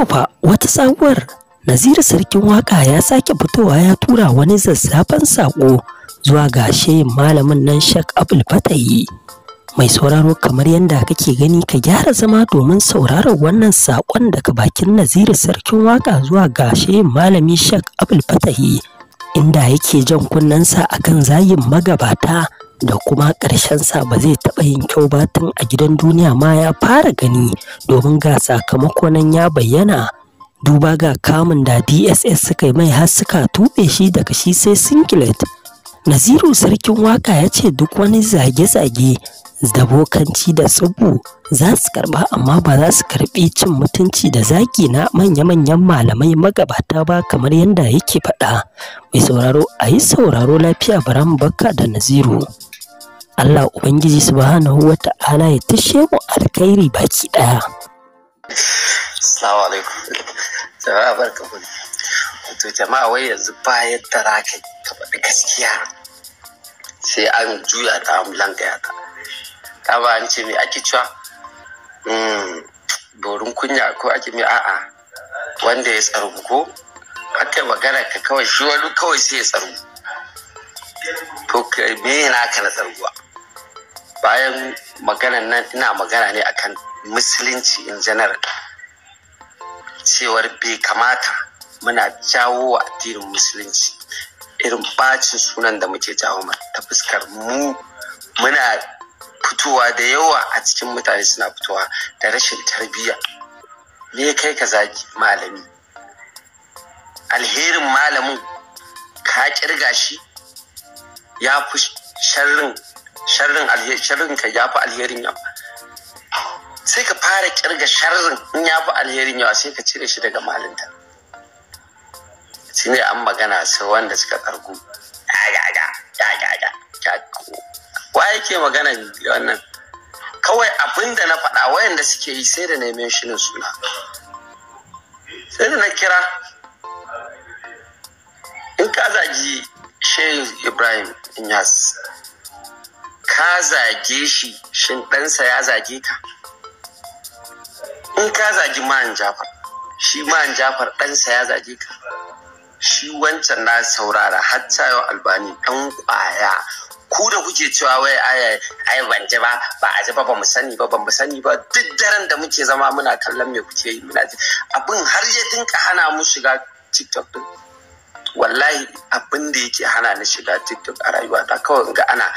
Yau fa wata sabuwar Naziru sarkin waka ya sake fitowa ya tura wani zazzafan saƙo zuwa ga shehin malamin nan Shak Abul Fatayi. Mai sauraro kamar yadda kake gani ka gyara zama domin sauraron wannan saƙon daga bakin Naziru sarkin waka zuwa ga shehin malami Shak Abul Fatayi inda yake jan kunnensa akan zayin magabata da kuma sa ba zai taɓa yin kyau ba tun a gidan duniya ma ya fara gani domin ga sakamako nan ya bayyana duba ga kamun da dss suka yi mai har suka tuɓe shi daga shi sai singlet naziru sarkin waka ya ce duk wani zage-zage da bokanci da tsubu za su karba amma ba za su karbi cin mutunci da zaki na manya-manyan malamai magabata ba kamar yadda yake faɗa mai sauraro a yi sauraro lafiya baran bakka da naziru Allah Ubangiji subhanahu wa ta'ala ya tashe mu alkhairi baki daya. Assalamu alaikum. Jama'a barkamu. Wato jama'a wai yanzu ba yadda raka ka faɗi gaskiya sai an juya ta amulan gaya ta. Ta ba an ce me ake cewa? Hmm, borin kunya ko ake mai a'a wanda ya tsargu ko? Aka magana ka kawai shi wani kawai sai ya tsargu. To me yana ka na tsarguwa? bayan maganan nan ina magana ne akan musulunci in general cewar bai kamata muna jawo wa addinin musulunci irin bacin sunan da muke jawo mai ta fuskar mu muna fitowa da yawa a cikin mutane suna fitowa da rashin tarbiyya me kai ka zagi malami alherin malamin ka kirga shi ya fi sharrin sharrin alheri sharrin ka ya fi alherin yawa sai ka fara kirga sharrin in ya fi alherin yawa sai ka cire shi daga malinta shine an magana sai wanda suka ya-ya-ya, ya-ya-ya. wa yake magana wannan kawai abin da na faɗa wayanda suke yi sai da neman shi suna sai da na kira in ka zagi shehu ibrahim inyas ka zage shi shin ɗansa ya zage ka in ka zagi ma'an jafar shi ma'an jafar ɗansa ya zage ka shi wancan na saurara hatta yau albani ɗan ƙwaya ku da kuke cewa wai aya ai ban ji ba ba a ji ba ba mu sani ba mu sani ba duk daren da muke zama muna kallon me kuke yi muna ji abin har ya dinka hana mu shiga tiktok din wallahi abin da yake hana ni shiga tiktok a rayuwa ta kawai ga ana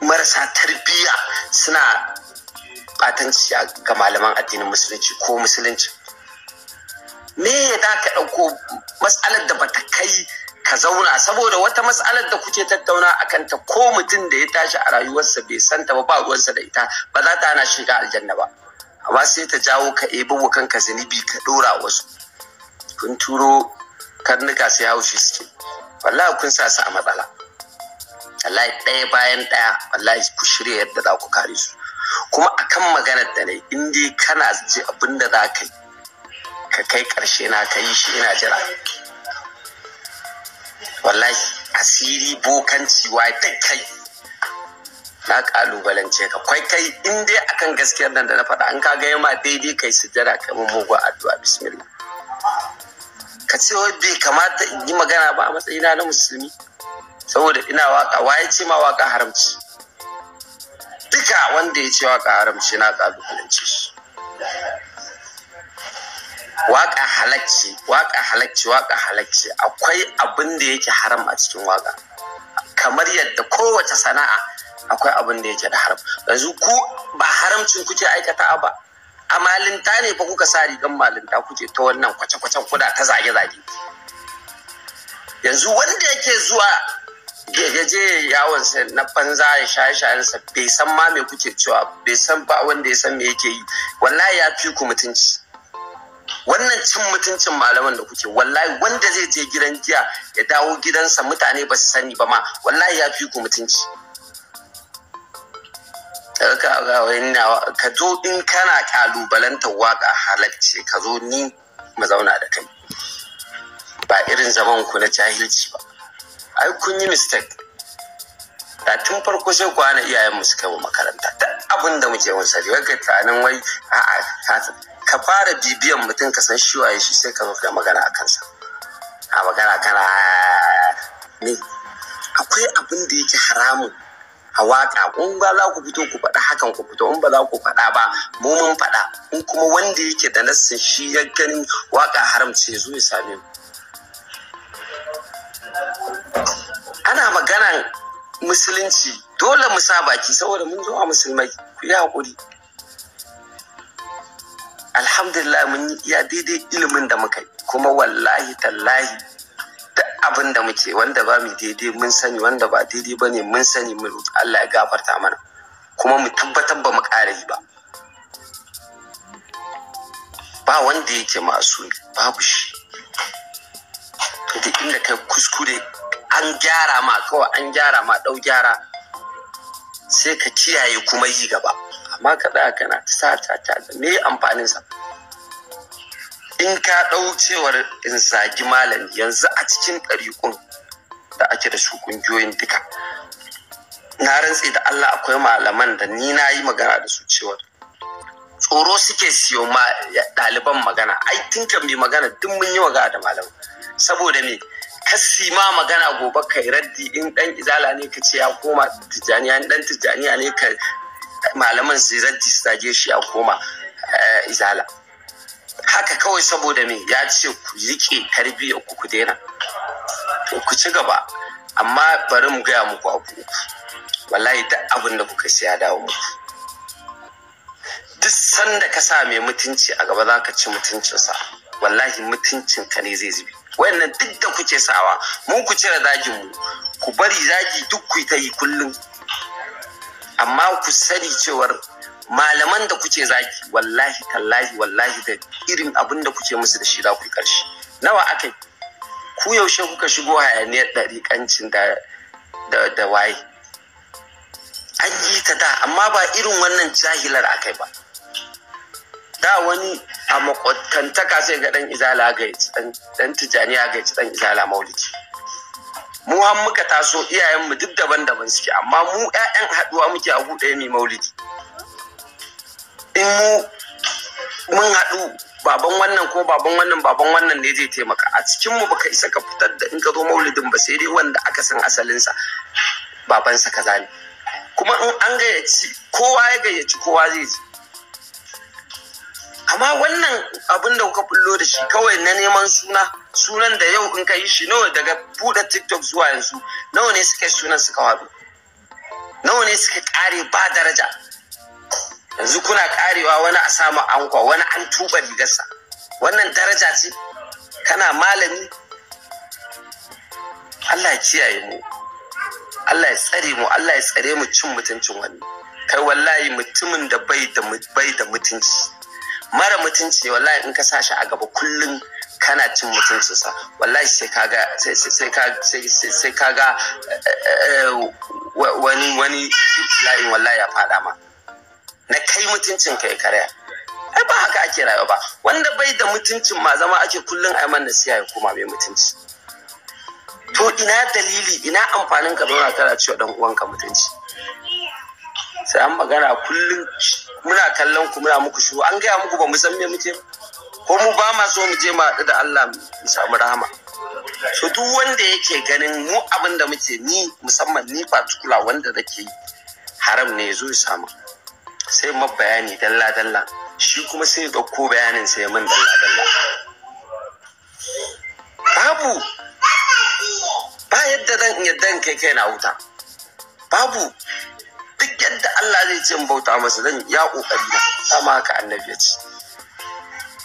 marasa tarbiyya suna batanci ga malaman addinin musulunci ko musulunci me ya da ka ɗauko matsalar da bata kai ka zauna saboda wata matsalar da kuke tattauna a kanta ko mutum da ya tashi a rayuwarsa bai santa ba ba ruwansa da ita ba za ta hana shiga aljanna ba amma sai ta jawo ka ebo wa kanka zunubi ka ɗora wasu kun turo karnuka sai haushi suke wallahi kun sa su a matsala wallahi ɗaya bayan ɗaya wallahi ku shirya yadda za ku kare su kuma akan maganar da nayi in dai kana ji abin da za ka yi ka kai ƙarshe na ka yi shi ina jira wallahi asiri bokanci wa da kai na kalubalance ka kwai kai in dai akan gaskiyar nan da na faɗa an ka ga yamma daidai kai sujjada kai mun mugu addu'a bismillah ka ce wai bai kamata in yi magana ba a matsayina na musulmi saboda ina waka waye ce ma waka haramci duka wanda ya ce waka haramci na kalubalance shi waka halacci waka halacci waka halacci akwai abin da yake haram a cikin waka kamar yadda kowace sana'a akwai abin da yake da haram yanzu ku ba haramcin kuke aikata ba a malinta ne fa kuka sa rigan malinta kuke ta wannan kwace-kwacen kuda ta zage-zage yanzu wanda yake zuwa ya je yawon na banza ya shaye shayen bai san ma me kuke cewa bai san ba wanda ya san me yake yi wallahi ya fi ku mutunci wannan cin mutuncin malaman da kuke wallahi wanda zai je gidan giya ya dawo gidansa mutane ba su sani ba ma wallahi ya fi ku mutunci ka zo in kana kalubalantar waka halarci ka zo ni mazauna da kai ba irin zaman ku na jahilci ba ai kun yi mistake da tun farko sai ku hana iyayen mu mu makaranta duk abin da muke mun sari wai tunanin wai a'a ka fara bibiyan mutum ka san shi waye shi sai ka zo da magana a kansa a magana kana ah, ne akwai abin da yake haramun a waka in ba za ku fito ku faɗa hakan ku fito in ba za ku faɗa ba mu mun faɗa in kuma wanda yake da nassin shi ya ganin waka haramce zo ya same mu ana maganan musulunci dole mu sa baki saboda mun zo a musulmai ku yi hakuri alhamdulillah mun yi ya daidai ilimin da muka yi kuma wallahi tallahi da abin da muke wanda ba mu daidai mun sani wanda ba daidai ba ne mun sani mu Allah ya gafarta mana kuma mu tabbatar ba mu ƙara yi ba ba wanda yake masu babu shi inda kai kuskure an gyara ma kawai an gyara ma ɗau gyara sai ka kiyaye kuma yi gaba amma ka da kana ta ta ta me amfanin sa in ka ɗau cewar in zagi malam, yanzu a cikin ɗariƙun da ake da su ƙungiyoyin duka na rantse da Allah akwai malaman da ni na yi magana da su cewa tsoro suke siyo ma ɗaliban magana ai tun mai magana duk mun yi magana da malam saboda me kasi ma magana gobe kai raddi in dan izala ne ka ce ya koma tijjaniya in dan tijjaniya ne ka malaman su raddi su tage shi ya koma eh, izala haka kawai saboda me ya ce ku rike tarbiyya ku ku daina ku ci gaba amma bari mu gaya muku abu wallahi duk abin da kuka siya dawo muku duk sanda ka sa mai mutunci a gaba za ka ci mutuncinsa wallahi ka ne zai zubi Wannan duk da kuke sawa mu ku cire zagin mu ku bari zagi duk ku ta yi kullum amma ku sani cewar malaman da kuke zagi wallahi tallahi wallahi da irin abin da kuke musu da shi za ku karshe nawa akai ku yaushe kuka shigo hayaniyar ɗariƙancin da da da waye an yi ta da amma ba irin wannan jahilar akai ba da wani a makwantantaka sai ga dan izala ga dan tijaniya ga dan izala maulidi mu han muka taso iyayen mu duk daban-daban suke amma mu ƴaƴan haɗuwa muke a buɗe mai maulidi in mu mun haɗu baban wannan ko baban wannan baban wannan ne zai taimaka a cikin mu baka isa ka fitar da in ka zo maulidin ba sai dai wanda aka san asalinsa babansa kaza ne kuma in an gayyaci kowa ya gayyaci kowa zai ji amma wannan abin da kuka bullo da shi kawai na neman suna sunan da yau in ka yi shi nawa daga buɗe tiktok zuwa yanzu nawa ne suka yi sunan suka wado nawa ne suka ƙare ba daraja yanzu kuna ƙarewa wani a samu ankwa wani an tuba rigarsa wannan daraja ce kana malami Allah ya kiyaye mu Allah ya tsare mu Allah ya tsare mu cin mutuncin wani kai wallahi mutumin da bai da mutunci mara mutunci wallahi in ka sa shi a gaba kullum kana cin mutuncinsa wallahi sai kaga sai kaga wani wani la'in wallahi ya fada ma na kai mutuncin kai karya ai ba haka ake rayuwa ba wanda bai da mutuncin ma zama ake kullum ai man siya ya koma mai mutunci to ina dalili ina amfanin ka zauna kana cewa dan uwanka mutunci sai an magana kullum muna kallon ku muna muku shiru an gaya muku ba mu san me muke ko mu ba ma so mu je mu haɗu da Allah mu samu rahama so duk wanda yake ganin mu abin da muke ni musamman ni particular wanda nake haram ne ya zo ya samu sai ma bayani dalla dalla shi kuma sai ya dauko bayanin sai min dalla dalla babu ba yadda dan yadda kai kai na wuta babu duk yadda Allah zai ce bauta masa zan ya kokari na sama haka annabi ya ce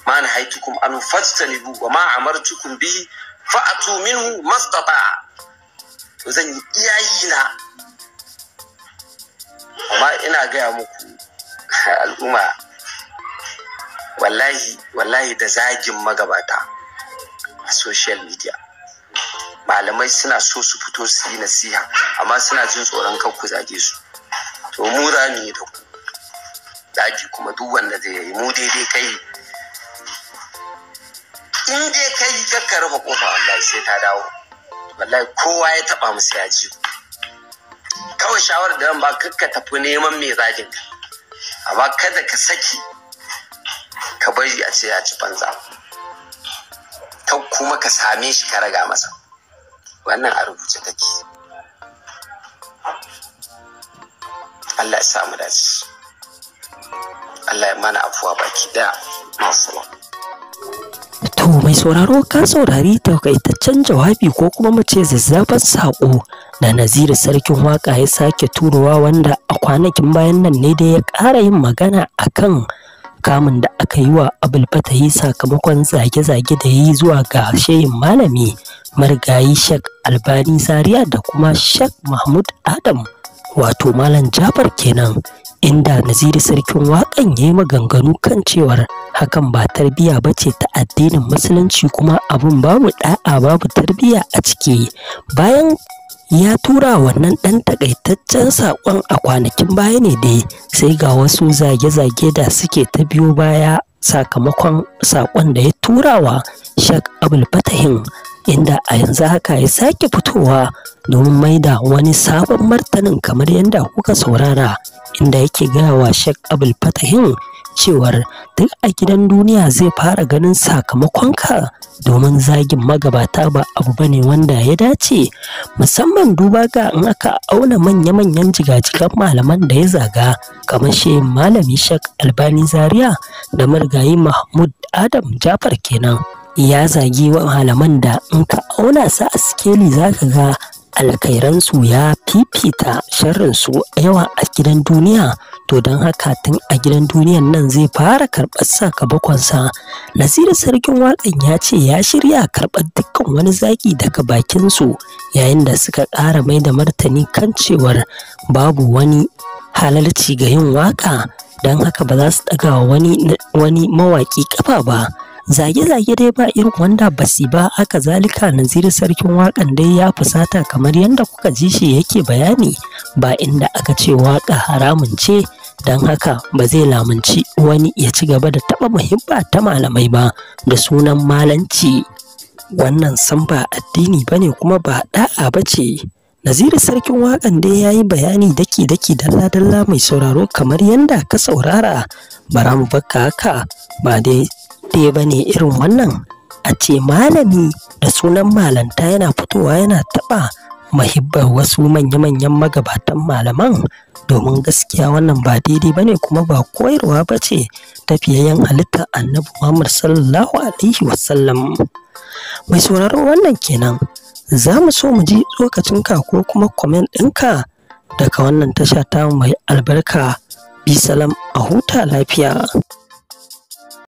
ma na haitukum an fastanibu wa ma amartukum bi atu minhu mastata zan yi iyayi na amma ina gaya muku al'umma wallahi wallahi da zagin magabata a social media malamai suna so su fito su yi nasiha amma suna jin tsoron kan ku zage su to mu za mu yi da ku daji kuma duk wanda zai yi mu daidai kai in dai kai kakka rufe kofa wallahi sai ta dawo wallahi kowa ya taba musu yaji ji kawai shawarar da ba kakka tafi neman mai zagin ka amma kada ka saki ka bari a ce ya ci banza ta kuma ka same shi ka raga masa wannan a rubuce take Allah ya samu dace Allah ya mana afuwa baki da masu To mai sauraro ka saurari takaitaccen jawabi ko kuma mace ce saƙo da Naziru sarkin waƙa ya sake turowa wanda a kwanakin bayan nan ne da ya ƙara yin magana akan kamun da aka yi wa abul sakamakon zage-zage da ya yi zuwa ga shehin malami marigayi shek albani zaria da kuma shek mahmud adam wato malam Jafar kenan inda naziri sarkin waƙan ya yi maganganu kan cewar hakan ba tarbiya ba ce ta addinin musulunci kuma abun babu ɗa'a babu tarbiya a ciki bayan ya tura wannan ɗan takaitaccen saƙon a kwanakin baya ne dai sai ga wasu zage-zage da suke ta biyo baya sakamakon saƙon da ya turawa shak abul fatahin inda a yanzu haka ya sake fitowa domin mai da wani sabon martanin kamar yadda kuka saurara inda yake gaya wa shek Abul Fatahin cewar duk a gidan duniya zai fara ganin sakamakonka domin zagin magabata ba abu bane wanda ya dace musamman duba ga in aka auna manya-manyan jigajigan malaman da ya zaga kamar shi malami shek Albani Zaria da marigayi Mahmud Adam Jafar kenan ya zagi wa malaman da in ka auna su a sikeli za ka ga alkairansu ya fifita sharrinsu yawa a gidan duniya to don haka tun a gidan duniyan nan zai fara karɓar sakamakonsa nasiru sarkin waƙan ya ce ya shirya karɓar dukkan wani zaki daga bakinsu yayin da suka ƙara mai da martani kan cewar babu wani halarci ga yin waƙa don haka ba za su ɗaga wani mawaƙi ƙafa ba zage-zage dai ba irin wanda basi ba aka zalika Naziru sarkin wakan dai ya fusata kamar yadda kuka ji shi yake bayani ba inda aka ce waka haramun ce don haka ba zai lamunci wani ya ci gaba da taba muhimba ta malamai ba da sunan malanci wannan san ba addini ba ne kuma ba ɗa'a ba ce Naziru sarkin waƙan dai ya yi bayani daki-daki dalla-dalla mai sauraro kamar yadda ka saurara bara mu bakka haka ba dai ɗaya ba ne irin wannan a ce malami da sunan malanta yana fitowa yana taɓa mahibbar wasu manya-manyan magabatan malaman domin gaskiya wannan ba daidai ba ne kuma ba koyarwa ba ce tafiyayyen halitta annabi muhammad sallallahu alaihi wasallam mai sauraro wannan kenan za mu so mu ji lokacin ka ko kuma kwamen ɗinka daga wannan tasha ta mai albarka bisalam a huta lafiya